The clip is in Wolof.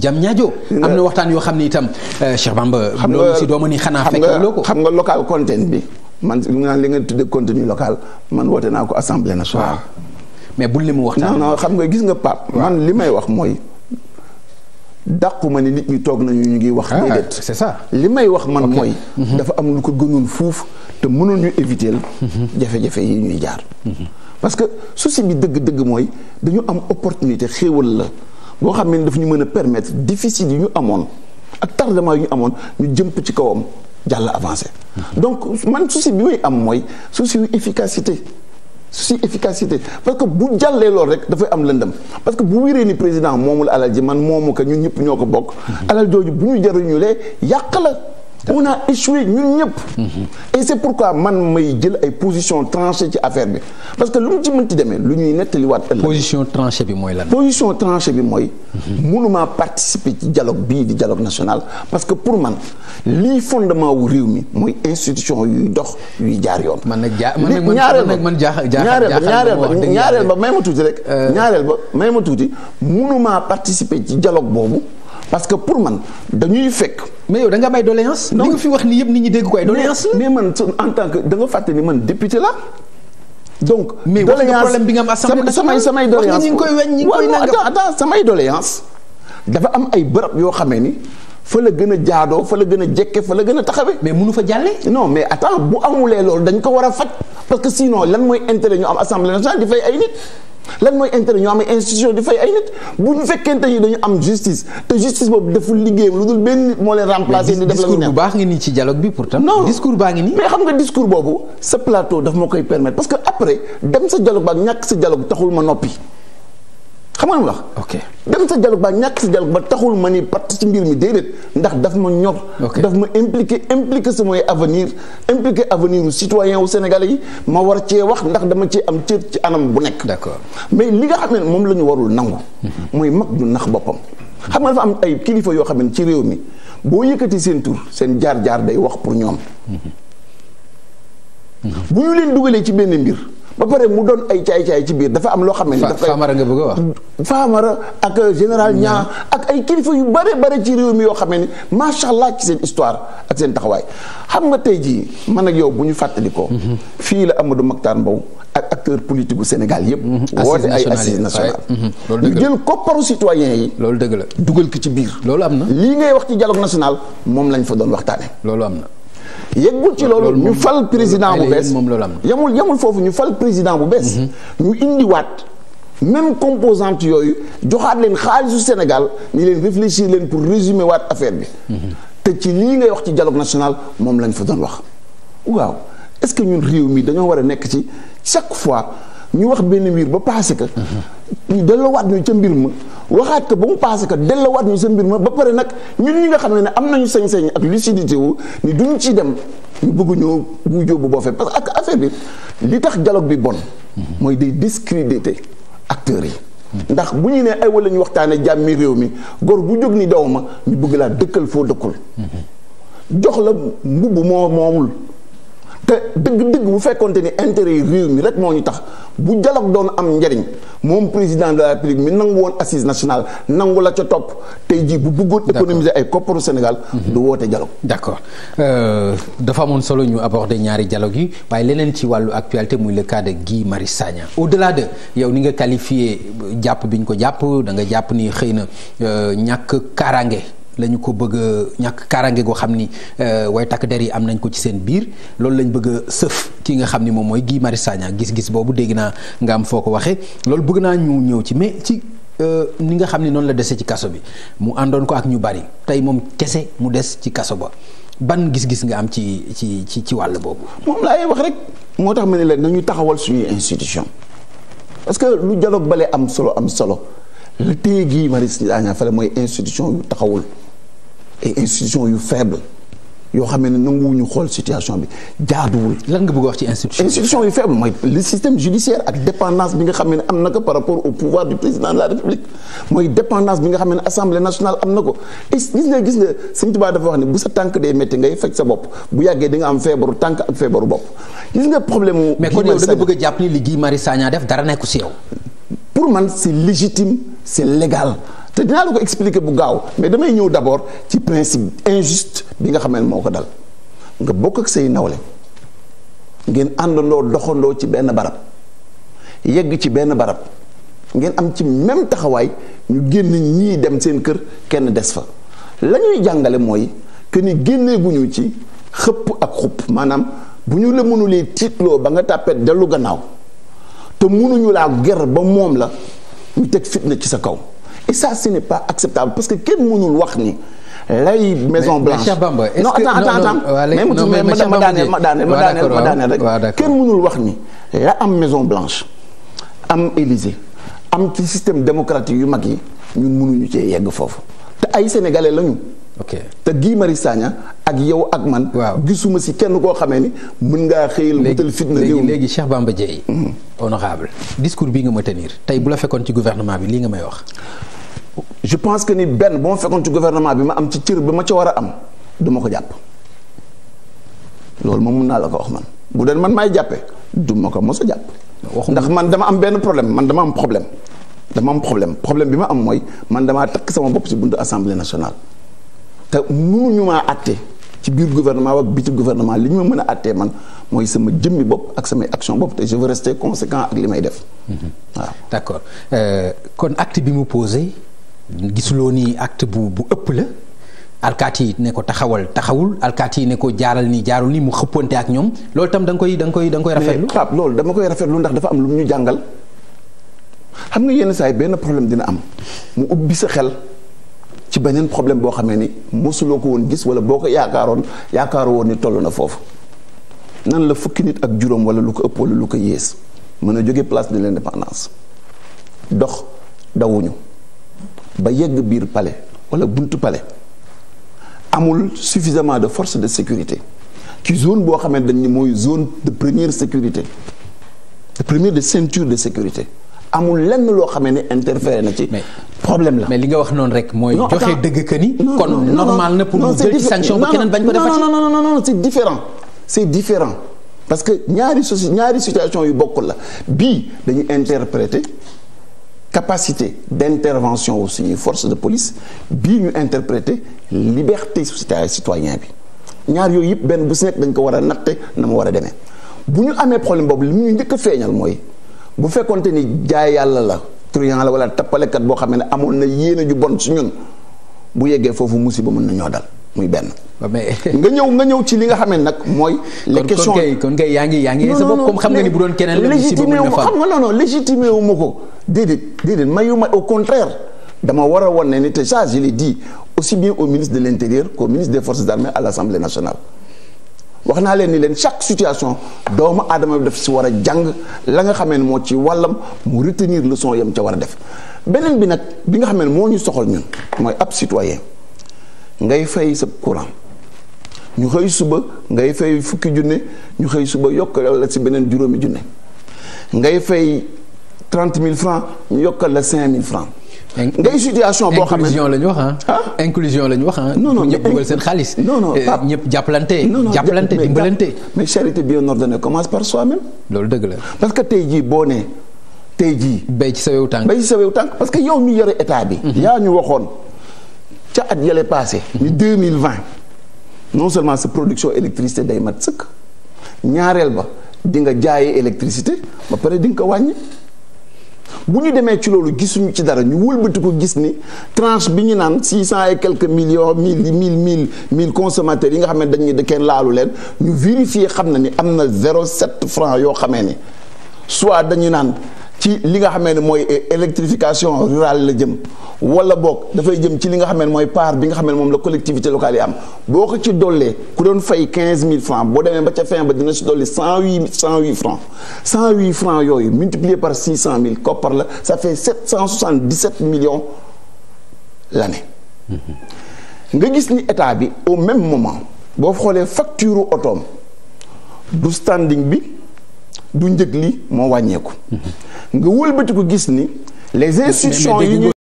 jam ñaajo am na waxtaan yoo xam ne itam euh, Cheikh Bamba loolu si dooma ni xanaa fekk loo ko xam nga local content bi man li nga li nga tudde contenu local man woote naa ko na nationale mais bul li mu waxtaan naa non xam nga gis nga Pape man li may wax mooy dàquma ni nit ñi toog nañu ñu ngi wax ah, déedéet c'est li may wax man mooy mhm. dafa am lu ko gënoon foofu te mënoon ñu éviter mhm. jafe-jafe yi ñuy jaar mhm. parce que souci bi dëgg-dëgg mooy dañu am opportunité xéewal la boo xam ne dafa ñu mën a permettre déficit yi ñu amoon ak tardement yi ñu amoon ñu jëmp ci kawam jàll avancer donc man souci bi may am mooy souci wu efficacité. si efficacité parce que bu jàllee loolu rek dafay am lëndam parce que bu wéree ni président moomul alal ji man moomu ko ñun ñëpp ñoo ko bokk. alal jooju bu ñu jariñulee yàq la. on a échoué ñun ñëpp. Mhm. et c' est pourquoi man may jël ay position tranchée ci affaire bi parce que lu mu ci demee lu ñuy nettaliwaat ëllëg. position tranchée bi mooy lan. position bi mooy. Mhm. mënuma participer ci dialogue bii di dialogue national parce que pour man lii fondement wu réew mi mooy institution yuy dox yuy jaar yoon. man nag jaa man nag man jaaxal jaaxal ñaareel ba ñaareel ba may ma tuuti rek. Euh. ñaareel ba may ma tuuti mënuma participer ci dialogue boobu parce que pour man dañuy fekk. mais danga da nga may doléance. non li nga fi wax ni yëpp nit ñi dégg ko ay doléance la. mais man en tant que da nga fàtte ni man député la. donc mais wax nga problème bi nga am assemblée nationale samay doléance ñi ngi koy weñ ñi ngi koy nangam attends samay doléance dafa am ay bërëb yoo xamee ni fa la gën a jaadoo fa la gën a jekke fa la gën a taxawee. mais munu fa jàllee. non mais attends bu amulee loolu dañ ko war a faj parce que sinon lan mooy intérêt ñu am assemblée nationale di fay ay nit. lan mooy intérêt ñu am institution di fay ay nit bu ñu fekkente ni dañu am justice te justice boobu deful liggéeyam lu dul benn nit moo leen remplacer. ni def la lu neex discours bu baax nga nii ci dialogue bi pourtant. non discours baa ngi nii. mais xam nga discours boobu sa plateau daf ma koy permettre parce que après dem sa dialogue ba ñàkk sa dialogue taxul ma noppi. xam nga lu ma wax. ok dem sa dialogue ba ñàkk sa dialogue ba taxul ma ni parti ci mbir mi déedéet ndax daf ma ñor. daf ma impliqué impliqué sama avenir impliqué avenir u citoyen wu Sénégalais yi ma war cee wax ndax dama cee am cër ci anam bu nekk. d'accord mais li nga xam ne moom la ñu warul nangu. Mhm. mooy mag du nax boppam. xam nga dafa am ay kilifa yoo xam ne ci réew mi boo yëkkati seen tur seen jaar jaar day wax pour ñoom. Mhm. bu ñu leen dugalee ci benn mbir. ba pare mu doon ay caay-caay ci biir dafa am loo xam ne. dafa Famara nga bëgg a wax. ak euh, général ñaa ak ay kilifa yu bare bare ci réew mi yoo xam ne macha allah ci seen histoire ak seen taxawaay xam nga tey jii man nag yow bu ñu fàttalikoo. Mhm. fii la Amadou Makhtar Mbow. ak acteur politique bu Sénégal yépp mhm. woote ay assises nationales mhm. ñu jël kopparu citoyens yi loolu dëgg la dugal ko ci biir loolu am na lii ngay wax ci dialogue national moom lañ fa doon waxtaanee loolu am na yeggul ci loolu ñu fal président bu bees yamul yamul foofu ñu fal président bu bees mhm. ñu indiwaat même composante yooyu joxaat leen xaalisu Sénégal ni leen réfléchir leen pour résumer waat affaire bi mhm. te ci lii ngay wax ci dialogue national moom lañ fa doon wax waaw est-ce que ñun réew mi dañoo war a nekk ci chaque fois ñu wax benn mbir ba passé que mhm. ñu delloowaat ñu ca mbir ma waxaat ko ba mu passé ko delluwaat ñu seen mbir ma ba pare nag ñun ñi nga xam ne am nañu sañ-sañ ak lu si lucidité wu ni duñ ci dem ñu bëgg ñoo bu jóobu boo fee parce que ak affaire bi li tax dialogue bi bon mooy day discrédité acteurs yi ndax bu ñu nee ay wala ñu waxtaanee jàmmi réew mi góor bu jóg ni daw ma ñu bëgg laa dëkkal foo dëkkul jox la mbubb moo moomul te dëgg-dëgg bu fekkonte ni intérêt yi réew mi rek moo ñu tax bu dialogue doon am njariñ moom président de la république mi nangu woon assise national nangu la ca topp tey jii bu bëggoon économiser ay kopparu Sénégal mhm. du woote dialogue d'accord euh, dafa amoon solo ñu aborder ñaari dialogue yi waaye leneen ci wàllu actualité muy le cas de Guy Marius Sagna au-delà de yow ni nga qualifié jàpp bi ñu ko jàpp da nga jàpp ni xëy na euh, ñàkk kaaraange lañu ko bëgg ñàkk kaaraange goo xam ni euh, way takk der yi am nañ ko ci seen biir loolu lañ bëgg a sëf ki nga xam ni moom mooy gii Marius Sagna gis-gis boobu dégg naa nga am foo ko waxee loolu bëgg naa ñu ñëw ci mais ci euh, ni nga xam ni noonu la dese ci kaso bi mu àndoon ko ak ñu bari tey moom kese mu des ci kaso ba ban gis-gis nga am ci ci ci ci wàll boobu. moom laay wax rek moo tax ma ne la nañu taxawal suñuy institution parce que lu jaloo bale am solo am solo la téye Guy Marius Sagna fale mooy institution yu taxawul. ay institution yu faible yoo xam ne nanguwuñu xool situation bi jaaduwul. lan nga bëgg wax ci institution institution yu faible mooy le système judiciaire ak dépendance bi nga xam ne am na ko par rapport au pouvoir du président de la république mooy dépendance bi nga xam ne assemblée nationale am na ko et gis nga gis nga Sëñ Tuubaa dafa wax ne bu sa tànk day métti ngay faj sa bopp bu yàggee dinga am feebaru tànk ak feebaru bopp gis nga problème mu. mais kon bëgg a jàpp ni li Guy def dara nekku si yow. pour man c'est légitime c'est légal. te dinaa la ko expliquer bu gaaw mais damay ñëw d'abord ci principe injuste bi nga xam ne moo ko dal nga bokk ak say nawle ngeen àndandoo doxandoo ci benn barab yegg ci benn barab ngeen am ci même taxawaay ñu génn ñii dem seen kër kenn des fa la jàngale mooy que ni génneeguñu ci xëpp ak xupp maanaam bu ñu la mënulee tiitloo ba nga tàppet dellu gannaaw te mënuñu laa ger ba moom la ñu teg fitna ci sa kaw et ça ce n'est pas acceptable parce que kenn mënul wax ni lay maison blanche mais Cheikh Bamba est-ce que non ma daaneel ma daaneel ma daaneel rek kenn mënul wax ni la am maison blanche am Élysée am ci système démocratique yu mag yi ñun mënuñu cee yegg foofu te ay sénégalais lañu. ok te Guy Marius ak yow ak man. waaw gisuma si kenn koo xamee ni mën ngaa xëyal. wutal fitna léegi léegi Cheikh Bamba Dièye. Mm-hmm. honorable discours bii nga ma tenir tey bu la fekkoon ci gouvernement bi lii nga may wax. je pense que ni benn ba ma ci gouvernement bi am ci cër bi ma ca war a am du ko jàpp loolu moom mun naa la ko wax man bu doon man maay jàppee du ma ko mos a jàpp. ndax man dama am benn problème man dama am problème. dama am problème problème bi ma am mooy man damaa takk sama bopp si buntu assemblée nationale te mënuñu maa àtte. ci biir gouvernement ak bitim gouvernement li ñu ma mën a àttee man mooy sama jëmmi bopp ak samay action bopp te je veux rester conséquent ak li may def mm-hmm. waaw d'accord euh, kon act bi mu posé gisuloo ni acte bu bu ëpp la alkaati yi ne ko taxawal taxawul alkaati yi ne ko jaaral nii jaarul nii mu xëppante ak ñoom loolu tam danga koy danga koy da nga koy rafetlu Pape loolu dama koy rafetlu ndax dafa am lu mu ñu jàngal xam nga yenn saa yi benn problème dina am mu ubbi sa xel beneen problème boo xamee ni mosuloo ko woon gis wala boo ko yaakaaroon yaakaaru woon ni toll na foofu nan la fukki nit ak juróom wala lu ko ëpp wala lu ko yées mën a jóge place de l'indépendance dox dawuñu ba yegg biir pale wala bunt palais amul suffisamment de force de sécurité ci zone boo xamante dañ mooy zone de première sécurité de première de ceinture de sécurité amul lenn loo xamee ne interféré na ci problème la. mais li nga wax noonu rek mooy. joxe dëgg que ni. kon normal na pour ñu jël ci sanction ba keneen bañ ko defati. non différent c'est différent parce que ñaari soci ñaari situation yu bokkul la bii dañuy interpréter capacité d'intervention suñuy force de police bii ñu interpréter liberté citoyen bi ñaar yooyu yëpp benn bu si nekk dañ ko war a natte na mu war a deme bu ñu amee problème boobu li mu ñu njëkk feeñal mooy bu fekkonte ni jaay yàlla la. truand la wala tappalekat boo xam ne amoon na yéene ju bon su ñun bu yeggee foofu musiba mën na ñoo dal muy benn. nga ñëw nga ñëw ci li nga xam ne nag mooy. les questions yaa ngi yaa ngi sa bopp comme xam nga ni bu doon keneen. légitimé wu xam nga non non légitimé wu ma ko déedéet déedéet mayu ma au contraire dama war a wan ne ni te ça je l'ai dit aussi bien au ministre de l'intérieur qu'au ministre des forces armées à l'Assemblée nationale. wax naa leen ni leen chaque situation doomu aadama bi daf si war a jàng la nga xamee ne moo ci wàllam mu retenir leçon yam ca war a def beneen bi nag bi nga xamee ne moo ñu soxal ñun mooy ab citoyen ngay fay sa courant ñu xëy suba ngay fay fukki junne ñu xëy suba yokkal la si beneen juróomi junne ngay fay trente mille francs ñu yokkal la cinq mille francs ngay situation boo xam ne inclusion la ñu wax ah. inclusion la ñu wax ah. ñëpp dugal seen xaalis. non non eh, Pape ñëpp jàppalante. non non jàppalante dimbalante. mais charité bien ordonnée commence par soi-même. loolu dëgg la parce que tey jii boo nee tey jii. bay ci sa wew tànk bay ci sa wew tànk parce que yow mi yore état bi. Mhm. yaa ñu waxoon ca at yële passé. ni mhm. mille vingt non seulement sa production électricité day mat sëkk ñaareel ba di nga jaayee électricité ba pare di nga ko wàññi. bu ñu demee ci loolu gisuñu ci dara ñu wëlbati ko gis ni tranche bi ñu naan six cent et quelques millions mille mille mille mille consommateurs yi nga xam ne dañuy ne laalu leen ñu vérifier xam na ni am na zéro sept franc yoo xamee ni soit dañu naan. ci li nga xamee ne mooy électrification rurale la jëm wala boog dafay jëm ci li nga xamee ne mooy part bi nga xamee ne moom la collectivité locale yi am boo ko ci dollee ku doon fay quinze mille francs boo demee ba ca fin ba dina si dolli cent huit cent huit francs yooyu multiplié par six cent mille koppar la ça fait sept cent soixante dix sept millions nga gis ni état bi au même moment boo xoolee facture otoom du standing bi du njëg li moo wàññeeku. nga wëlbati ko gis ni. les institutions